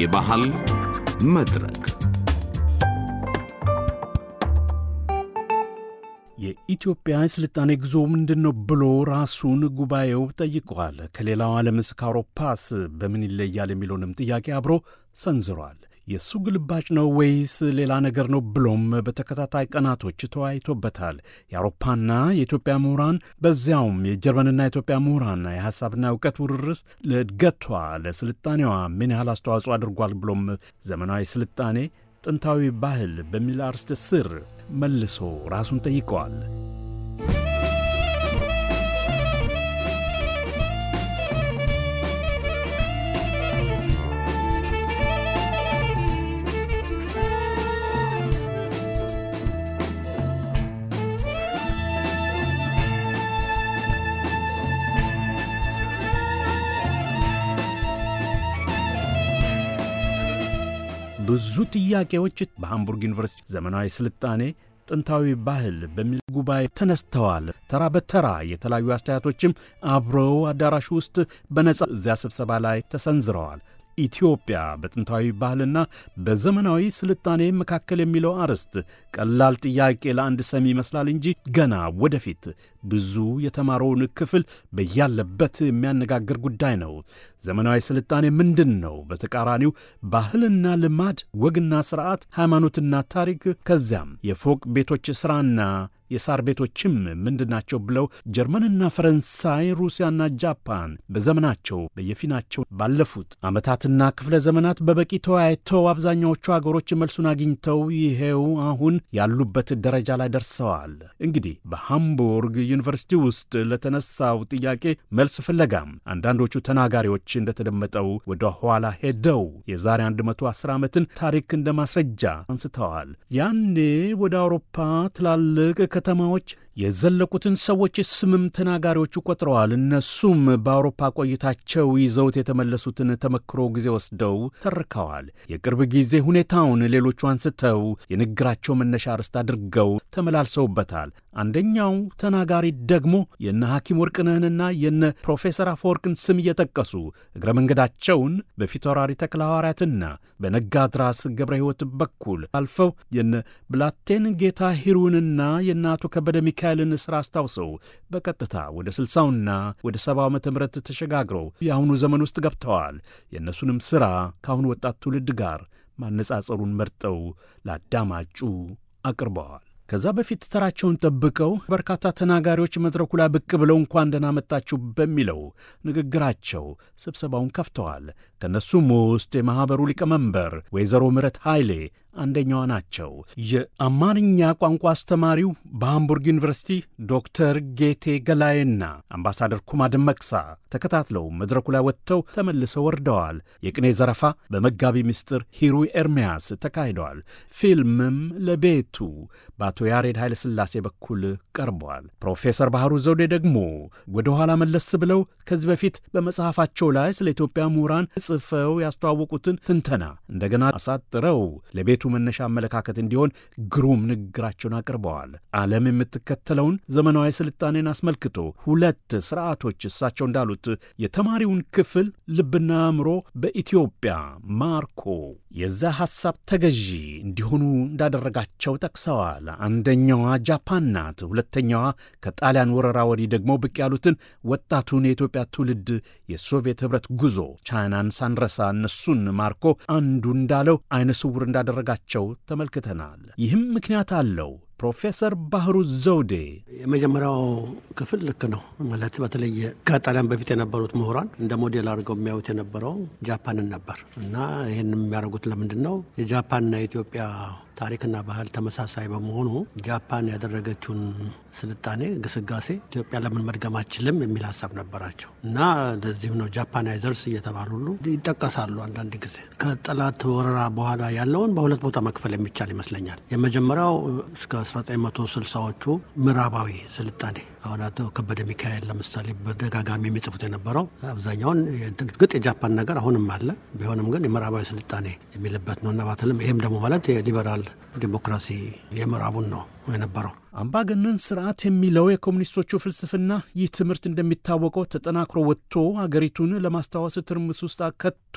የባህል መድረክ የኢትዮጵያ የስልጣኔ ጉዞ ምንድን ነው ብሎ ራሱን ጉባኤው ጠይቋል። ከሌላው ዓለምስ ከአውሮፓስ በምን ይለያል የሚለውንም ጥያቄ አብሮ ሰንዝሯል። የእሱ ግልባጭ ነው ወይስ ሌላ ነገር ነው ብሎም በተከታታይ ቀናቶች ተወያይቶበታል። የአውሮፓና የኢትዮጵያ ምሁራን በዚያውም የጀርመንና የኢትዮጵያ ምሁራን የሐሳብና እውቀት ውርርስ ለእድገቷ ለስልጣኔዋ ምን ያህል አስተዋጽኦ አድርጓል ብሎም ዘመናዊ ስልጣኔ ጥንታዊ ባህል በሚል አርስት ስር መልሶ ራሱን ጠይቀዋል። ብዙ ጥያቄዎች በሃምቡርግ ዩኒቨርሲቲ ዘመናዊ ስልጣኔ ጥንታዊ ባህል በሚል ጉባኤ ተነስተዋል። ተራ በተራ የተለያዩ አስተያየቶችም አብረው አዳራሹ ውስጥ በነጻ እዚያ ስብሰባ ላይ ተሰንዝረዋል። ኢትዮጵያ በጥንታዊ ባህልና በዘመናዊ ስልጣኔ መካከል የሚለው አርዕስት ቀላል ጥያቄ ለአንድ ሰሚ ይመስላል እንጂ ገና ወደፊት ብዙ የተማረውን ክፍል በያለበት የሚያነጋግር ጉዳይ ነው። ዘመናዊ ስልጣኔ ምንድን ነው? በተቃራኒው ባህልና ልማድ፣ ወግና ስርዓት፣ ሃይማኖትና ታሪክ፣ ከዚያም የፎቅ ቤቶች ሥራና የሳር ቤቶችም ምንድናቸው ብለው ጀርመንና ፈረንሳይ፣ ሩሲያና ጃፓን በዘመናቸው በየፊናቸው ባለፉት ዓመታትና ክፍለ ዘመናት በበቂ ተወያይተው አብዛኛዎቹ አገሮች መልሱን አግኝተው ይሄው አሁን ያሉበት ደረጃ ላይ ደርሰዋል። እንግዲህ በሃምቡርግ ዩኒቨርሲቲ ውስጥ ለተነሳው ጥያቄ መልስ ፍለጋም አንዳንዶቹ ተናጋሪዎች እንደተደመጠው ወደ ኋላ ሄደው የዛሬ 110 ዓመትን ታሪክ እንደ ማስረጃ አንስተዋል። ያኔ ወደ አውሮፓ ትላልቅ ከተማዎች የዘለቁትን ሰዎች ስምም ተናጋሪዎቹ ቆጥረዋል። እነሱም በአውሮፓ ቆይታቸው ይዘውት የተመለሱትን ተመክሮ ጊዜ ወስደው ተርከዋል። የቅርብ ጊዜ ሁኔታውን ሌሎቹ አንስተው የንግግራቸው መነሻ ርስት አድርገው ተመላልሰውበታል። አንደኛው ተናጋሪ ደግሞ የነ ሐኪም ወርቅነህንና የነ ፕሮፌሰር አፈወርቅን ስም እየጠቀሱ እግረ መንገዳቸውን በፊታውራሪ ተክለ ሐዋርያትና በነጋድራስ ገብረ ሕይወት በኩል አልፈው የነ ብላቴን ጌታ ሂሩንና የነ አቶ ከበደ ሚካ ሚካኤልን ሥራ አስታውሰው በቀጥታ ወደ ስልሳውና ወደ ሰባው ዓመተ ምህረት ተሸጋግረው የአሁኑ ዘመን ውስጥ ገብተዋል። የእነሱንም ሥራ ከአሁኑ ወጣት ትውልድ ጋር ማነጻጸሩን መርጠው ለአዳማጩ አቅርበዋል። ከዛ በፊት ተራቸውን ጠብቀው በርካታ ተናጋሪዎች መድረኩ ላይ ብቅ ብለው እንኳን ደህና መጣችሁ በሚለው ንግግራቸው ስብሰባውን ከፍተዋል። ከእነሱም ውስጥ የማኅበሩ ሊቀመንበር ወይዘሮ ምረት ኃይሌ አንደኛዋ ናቸው። የአማርኛ ቋንቋ አስተማሪው በሃምቡርግ ዩኒቨርሲቲ ዶክተር ጌቴ ገላዬና አምባሳደር ኩማ ደመቅሳ ተከታትለው መድረኩ ላይ ወጥተው ተመልሰው ወርደዋል። የቅኔ ዘረፋ በመጋቢ ምስጢር ሂሩ ኤርሚያስ ተካሂደዋል። ፊልምም ለቤቱ በአቶ ያሬድ ኃይለሥላሴ በኩል ቀርቧል። ፕሮፌሰር ባህሩ ዘውዴ ደግሞ ወደ ኋላ መለስ ብለው ከዚህ በፊት በመጽሐፋቸው ላይ ስለ ኢትዮጵያ ምሁራን ጽፈው ያስተዋወቁትን ትንተና እንደገና አሳጥረው ለቤቱ ለውይይቱ መነሻ አመለካከት እንዲሆን ግሩም ንግግራቸውን አቅርበዋል። ዓለም የምትከተለውን ዘመናዊ ስልጣኔን አስመልክቶ ሁለት ስርዓቶች እሳቸው እንዳሉት የተማሪውን ክፍል ልብና አእምሮ በኢትዮጵያ ማርኮ የዛ ሐሳብ ተገዢ እንዲሆኑ እንዳደረጋቸው ጠቅሰዋል። አንደኛዋ ጃፓን ናት። ሁለተኛዋ ከጣሊያን ወረራ ወዲህ ደግሞ ብቅ ያሉትን ወጣቱን የኢትዮጵያ ትውልድ የሶቪየት ኅብረት ጉዞ ቻይናን ሳንረሳ እነሱን ማርኮ አንዱ እንዳለው አይነ ስውር እንዳደረጋ እንዳደረጋቸው ተመልክተናል። ይህም ምክንያት አለው። ፕሮፌሰር ባህሩ ዘውዴ የመጀመሪያው ክፍል ልክ ነው ማለት በተለየ ከጣሊያን በፊት የነበሩት ምሁራን እንደ ሞዴል አድርገው የሚያዩት የነበረው ጃፓንን ነበር እና ይህን የሚያደርጉት ለምንድን ነው የጃፓንና የኢትዮጵያ ታሪክና ባህል ተመሳሳይ በመሆኑ ጃፓን ያደረገችውን ስልጣኔ ግስጋሴ ኢትዮጵያ ለምን መድገም አችልም የሚል ሀሳብ ነበራቸው እና ለዚህም ነው ጃፓናይዘርስ እየተባሉ ሁሉ ይጠቀሳሉ። አንዳንድ ጊዜ ከጠላት ወረራ በኋላ ያለውን በሁለት ቦታ መክፈል የሚቻል ይመስለኛል። የመጀመሪያው እስከ 1960ዎቹ ምዕራባዊ ስልጣኔ አሁን አቶ ከበደ ሚካኤል ለምሳሌ በደጋጋሚ የሚጽፉት የነበረው አብዛኛውን ግጥ የጃፓን ነገር አሁንም አለ። ቢሆንም ግን የምዕራባዊ ስልጣኔ የሚልበት ነው እና ባትልም ይህም ደግሞ ማለት የሊበራል ዲሞክራሲ የምዕራቡን ነው የነበረው። አምባገነን ስርዓት የሚለው የኮሚኒስቶቹ ፍልስፍና ይህ ትምህርት እንደሚታወቀው ተጠናክሮ ወጥቶ አገሪቱን ለማስታወስ ትርምስ ውስጥ አከቶ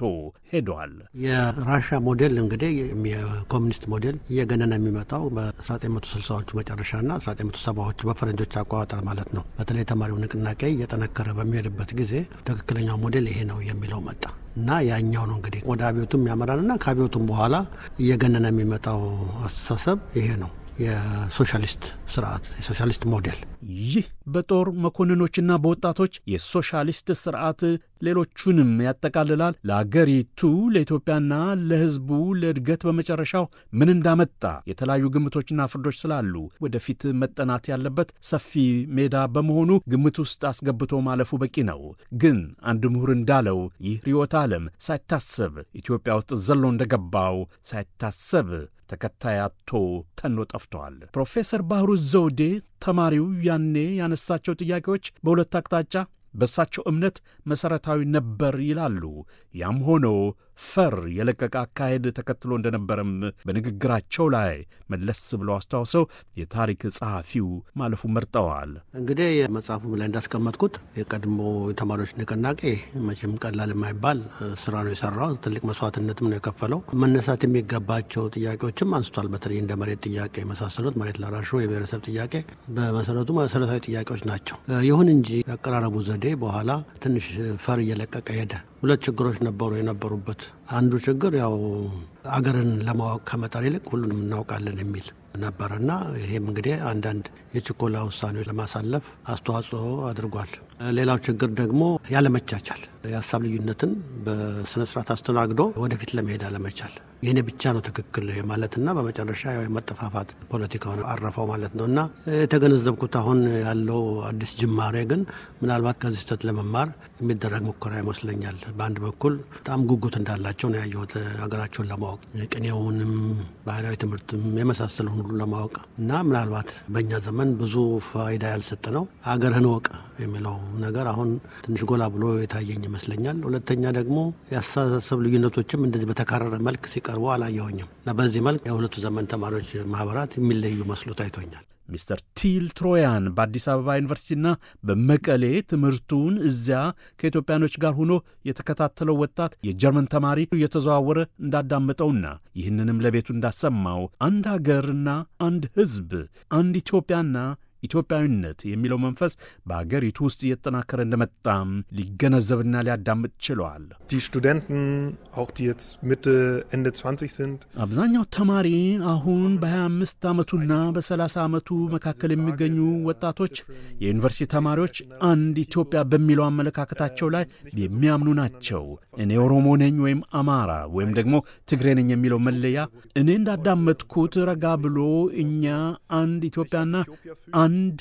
ሄደዋል። የራሻ ሞዴል እንግዲህ የኮሚኒስት ሞዴል እየገነነ የሚመጣው በ1960ዎቹ መጨረሻና 1970ዎቹ በፈረንጆች አቆጣጠር ማለት ነው። በተለይ ተማሪው ንቅናቄ እየጠነከረ በሚሄድበት ጊዜ ትክክለኛው ሞዴል ይሄ ነው የሚለው መጣ እና ያኛው ነው እንግዲህ ወደ አብዮቱም ያመራልና ከአብዮቱም በኋላ እየገነነ የሚመጣው አስተሳሰብ ይሄ ነው። የሶሻሊስት ስርዓት የሶሻሊስት ሞዴል ይህ በጦር መኮንኖችና በወጣቶች የሶሻሊስት ስርዓት ሌሎቹንም ያጠቃልላል። ለአገሪቱ ለኢትዮጵያና ለሕዝቡ ለእድገት በመጨረሻው ምን እንዳመጣ የተለያዩ ግምቶችና ፍርዶች ስላሉ ወደፊት መጠናት ያለበት ሰፊ ሜዳ በመሆኑ ግምት ውስጥ አስገብቶ ማለፉ በቂ ነው። ግን አንድ ምሁር እንዳለው ይህ ርዕዮተ ዓለም ሳይታሰብ ኢትዮጵያ ውስጥ ዘሎ እንደገባው ሳይታሰብ ተከታይ አቶ ተኖ ጠፍተዋል። ፕሮፌሰር ባህሩ ዘውዴ ተማሪው ያኔ ያነሳቸው ጥያቄዎች በሁለት አቅጣጫ በእሳቸው እምነት መሠረታዊ ነበር ይላሉ። ያም ሆኖ ፈር የለቀቀ አካሄድ ተከትሎ እንደነበረም በንግግራቸው ላይ መለስ ብለው አስታውሰው የታሪክ ጸሐፊው ማለፉ መርጠዋል። እንግዲህ መጽሐፉ ላይ እንዳስቀመጥኩት የቀድሞ የተማሪዎች ንቅናቄ መቼም ቀላል የማይባል ስራ ነው የሰራው። ትልቅ መስዋዕትነትም ነው የከፈለው። መነሳት የሚገባቸው ጥያቄዎችም አንስቷል። በተለይ እንደ መሬት ጥያቄ የመሳሰሉት፣ መሬት ለራሹ የብሔረሰብ ጥያቄ በመሰረቱ መሰረታዊ ጥያቄዎች ናቸው። ይሁን እንጂ የአቀራረቡ ዘዴ በኋላ ትንሽ ፈር እየለቀቀ ሄደ። ሁለት ችግሮች ነበሩ የነበሩበት። አንዱ ችግር ያው አገርን ለማወቅ ከመጣር ይልቅ ሁሉንም እናውቃለን የሚል ነበረና ይህም እንግዲህ አንዳንድ የችኮላ ውሳኔዎች ለማሳለፍ አስተዋጽኦ አድርጓል። ሌላው ችግር ደግሞ ያለመቻቻል፣ የሀሳብ ልዩነትን በስነስርዓት አስተናግዶ ወደፊት ለመሄድ አለመቻል፣ የኔ ብቻ ነው ትክክል ማለትና በመጨረሻ የመጠፋፋት ፖለቲካውን አረፈው ማለት ነው እና የተገነዘብኩት አሁን ያለው አዲስ ጅማሬ ግን ምናልባት ከዚህ ስህተት ለመማር የሚደረግ ሙከራ ይመስለኛል። በአንድ በኩል በጣም ጉጉት እንዳላቸው ነው ያየሁት ሀገራቸውን ለማወቅ ለማወቅ ቅኔውንም ባህላዊ ትምህርትም የመሳሰለውን ሁሉ ለማወቅ እና ምናልባት በእኛ ዘመን ብዙ ፋይዳ ያልሰጠ ነው አገርህን ወቅ የሚለው ነገር አሁን ትንሽ ጎላ ብሎ የታየኝ ይመስለኛል። ሁለተኛ ደግሞ የአስተሳሰብ ልዩነቶችም እንደዚህ በተካረረ መልክ ሲቀርቡ አላየውኝም። እና በዚህ መልክ የሁለቱ ዘመን ተማሪዎች ማህበራት የሚለዩ መስሎ ታይቶኛል። ሚስተር ቲል ትሮያን በአዲስ አበባ ዩኒቨርሲቲና በመቀሌ ትምህርቱን እዚያ ከኢትዮጵያኖች ጋር ሆኖ የተከታተለው ወጣት የጀርመን ተማሪ እየተዘዋወረ እንዳዳመጠውና ይህንንም ለቤቱ እንዳሰማው አንድ አገርና አንድ ሕዝብ አንድ ኢትዮጵያና ኢትዮጵያዊነት የሚለው መንፈስ በአገሪቱ ውስጥ እየተጠናከረ እንደመጣም ሊገነዘብና ሊያዳምጥ ችሏል። አብዛኛው ተማሪ አሁን በ25 ዓመቱና በ30 ዓመቱ መካከል የሚገኙ ወጣቶች የዩኒቨርሲቲ ተማሪዎች አንድ ኢትዮጵያ በሚለው አመለካከታቸው ላይ የሚያምኑ ናቸው። እኔ ኦሮሞ ነኝ ወይም አማራ ወይም ደግሞ ትግሬ ነኝ የሚለው መለያ እኔ እንዳዳመጥኩት ረጋ ብሎ እኛ አንድ ኢትዮጵያና አንድ አንድ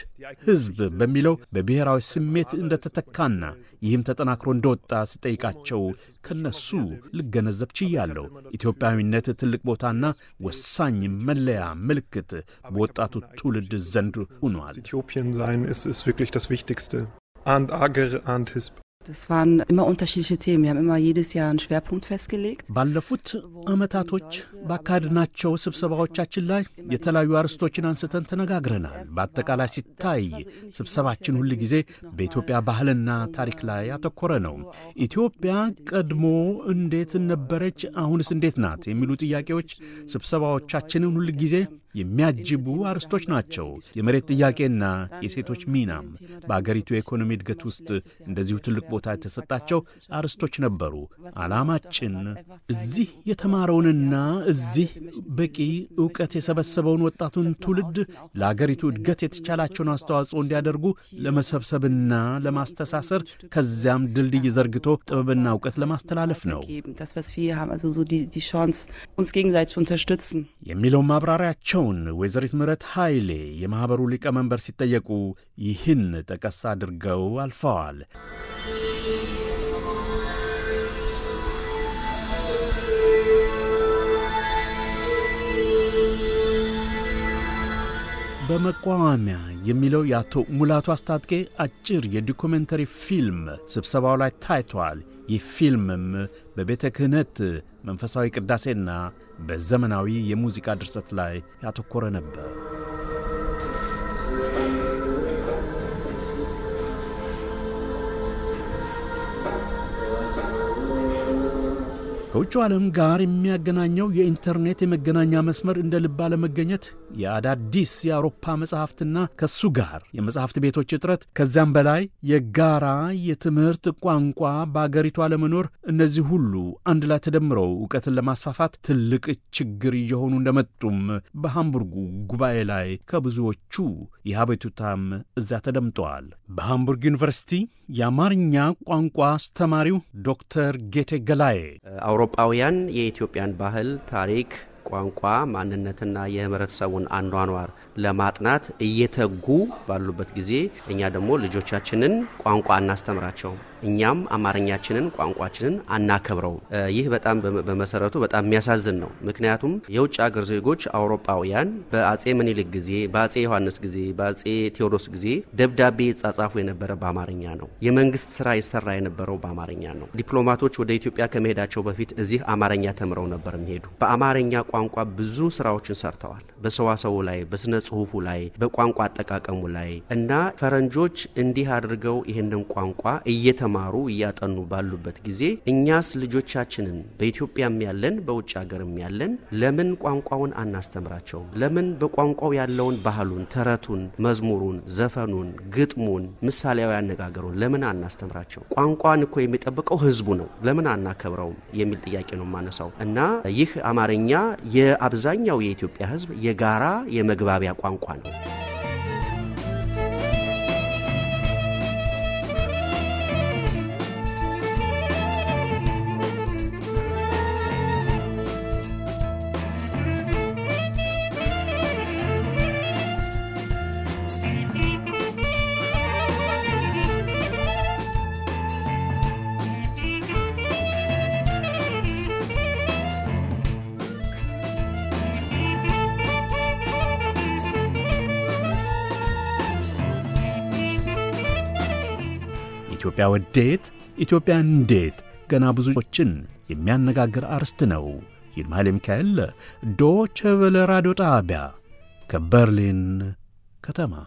ህዝብ በሚለው በብሔራዊ ስሜት እንደተተካና ይህም ተጠናክሮ እንደወጣ ስጠይቃቸው ከነሱ ልገነዘብ ችያለሁ። ኢትዮጵያዊነት ትልቅ ቦታና ወሳኝ መለያ ምልክት በወጣቱ ትውልድ ዘንድ ሆኗል። Das waren immer unterschiedliche Themen. Wir haben immer jedes Jahr einen Schwerpunkt festgelegt. ባለፉት ዓመታቶች ባካሄድናቸው ስብሰባዎቻችን ላይ የተለያዩ አርዕስቶችን አንስተን ተነጋግረናል። በአጠቃላይ ሲታይ ስብሰባችን ሁል ጊዜ በኢትዮጵያ ባህልና ታሪክ ላይ ያተኮረ ነው። ኢትዮጵያ ቀድሞ እንዴት ነበረች? አሁንስ እንዴት ናት? የሚሉ ጥያቄዎች ስብሰባዎቻችንን ሁል ጊዜ የሚያጅቡ አርዕስቶች ናቸው። የመሬት ጥያቄና የሴቶች ሚናም በአገሪቱ የኢኮኖሚ እድገት ውስጥ እንደዚሁ ትልቅ ቦታ የተሰጣቸው አርዕስቶች ነበሩ። ዓላማችን እዚህ የተማረውንና እዚህ በቂ እውቀት የሰበሰበውን ወጣቱን ትውልድ ለአገሪቱ እድገት የተቻላቸውን አስተዋጽኦ እንዲያደርጉ ለመሰብሰብና ለማስተሳሰር ከዚያም ድልድይ ዘርግቶ ጥበብና እውቀት ለማስተላለፍ ነው። የሚለውን ማብራሪያቸውን ወይዘሪት ምረት ኃይሌ የማኅበሩ ሊቀመንበር ሲጠየቁ ይህን ጠቀስ አድርገው አልፈዋል። በመቋሚያ የሚለው የአቶ ሙላቱ አስታጥቄ አጭር የዶኩሜንተሪ ፊልም ስብሰባው ላይ ታይቷል። ይህ ፊልምም በቤተ ክህነት መንፈሳዊ ቅዳሴና በዘመናዊ የሙዚቃ ድርሰት ላይ ያተኮረ ነበር። ከውጭ ዓለም ጋር የሚያገናኘው የኢንተርኔት የመገናኛ መስመር እንደ ልብ አለመገኘት፣ የአዳዲስ የአውሮፓ መጽሐፍትና ከሱ ጋር የመጽሐፍት ቤቶች እጥረት፣ ከዚያም በላይ የጋራ የትምህርት ቋንቋ በአገሪቱ አለመኖር፣ እነዚህ ሁሉ አንድ ላይ ተደምረው እውቀትን ለማስፋፋት ትልቅ ችግር እየሆኑ እንደመጡም በሃምቡርጉ ጉባኤ ላይ ከብዙዎቹ የአቤቱታም እዚያ ተደምጠዋል። በሃምቡርግ ዩኒቨርሲቲ የአማርኛ ቋንቋ አስተማሪው ዶክተር ጌቴ ገላዬ አውሮፓውያን የኢትዮጵያን ባህል፣ ታሪክ፣ ቋንቋ፣ ማንነትና የህብረተሰቡን አኗኗር ለማጥናት እየተጉ ባሉበት ጊዜ እኛ ደግሞ ልጆቻችንን ቋንቋ እናስተምራቸው፣ እኛም አማርኛችንን ቋንቋችንን አናከብረው። ይህ በጣም በመሰረቱ በጣም የሚያሳዝን ነው። ምክንያቱም የውጭ ሀገር ዜጎች አውሮፓውያን በአጼ ምኒልክ ጊዜ፣ በአጼ ዮሐንስ ጊዜ፣ በአጼ ቴዎድሮስ ጊዜ ደብዳቤ የጻጻፉ የነበረ በአማርኛ ነው። የመንግስት ስራ ይሰራ የነበረው በአማርኛ ነው። ዲፕሎማቶች ወደ ኢትዮጵያ ከመሄዳቸው በፊት እዚህ አማርኛ ተምረው ነበር የሚሄዱ። በአማርኛ ቋንቋ ብዙ ስራዎችን ሰርተዋል። በሰዋሰው ላይ በስነ በጽሁፉ ላይ በቋንቋ አጠቃቀሙ ላይ እና ፈረንጆች እንዲህ አድርገው ይህንን ቋንቋ እየተማሩ እያጠኑ ባሉበት ጊዜ እኛስ ልጆቻችንን በኢትዮጵያም ያለን በውጭ ሀገርም ያለን ለምን ቋንቋውን አናስተምራቸውም? ለምን በቋንቋው ያለውን ባህሉን፣ ተረቱን፣ መዝሙሩን፣ ዘፈኑን፣ ግጥሙን፣ ምሳሌያዊ አነጋገሩን ለምን አናስተምራቸው? ቋንቋን እኮ የሚጠብቀው ህዝቡ ነው። ለምን አናከብረውም የሚል ጥያቄ ነው የማነሳው እና ይህ አማርኛ የአብዛኛው የኢትዮጵያ ህዝብ የጋራ የመግባቢያ 光棍。ኢትዮጵያ ወዴት፣ ኢትዮጵያ እንዴት ገና ብዙዎችን የሚያነጋግር አርስት ነው። ይልማ ኃይለ ሚካኤል ዶቸ ቨለ ራዲዮ ጣቢያ ከበርሊን ከተማ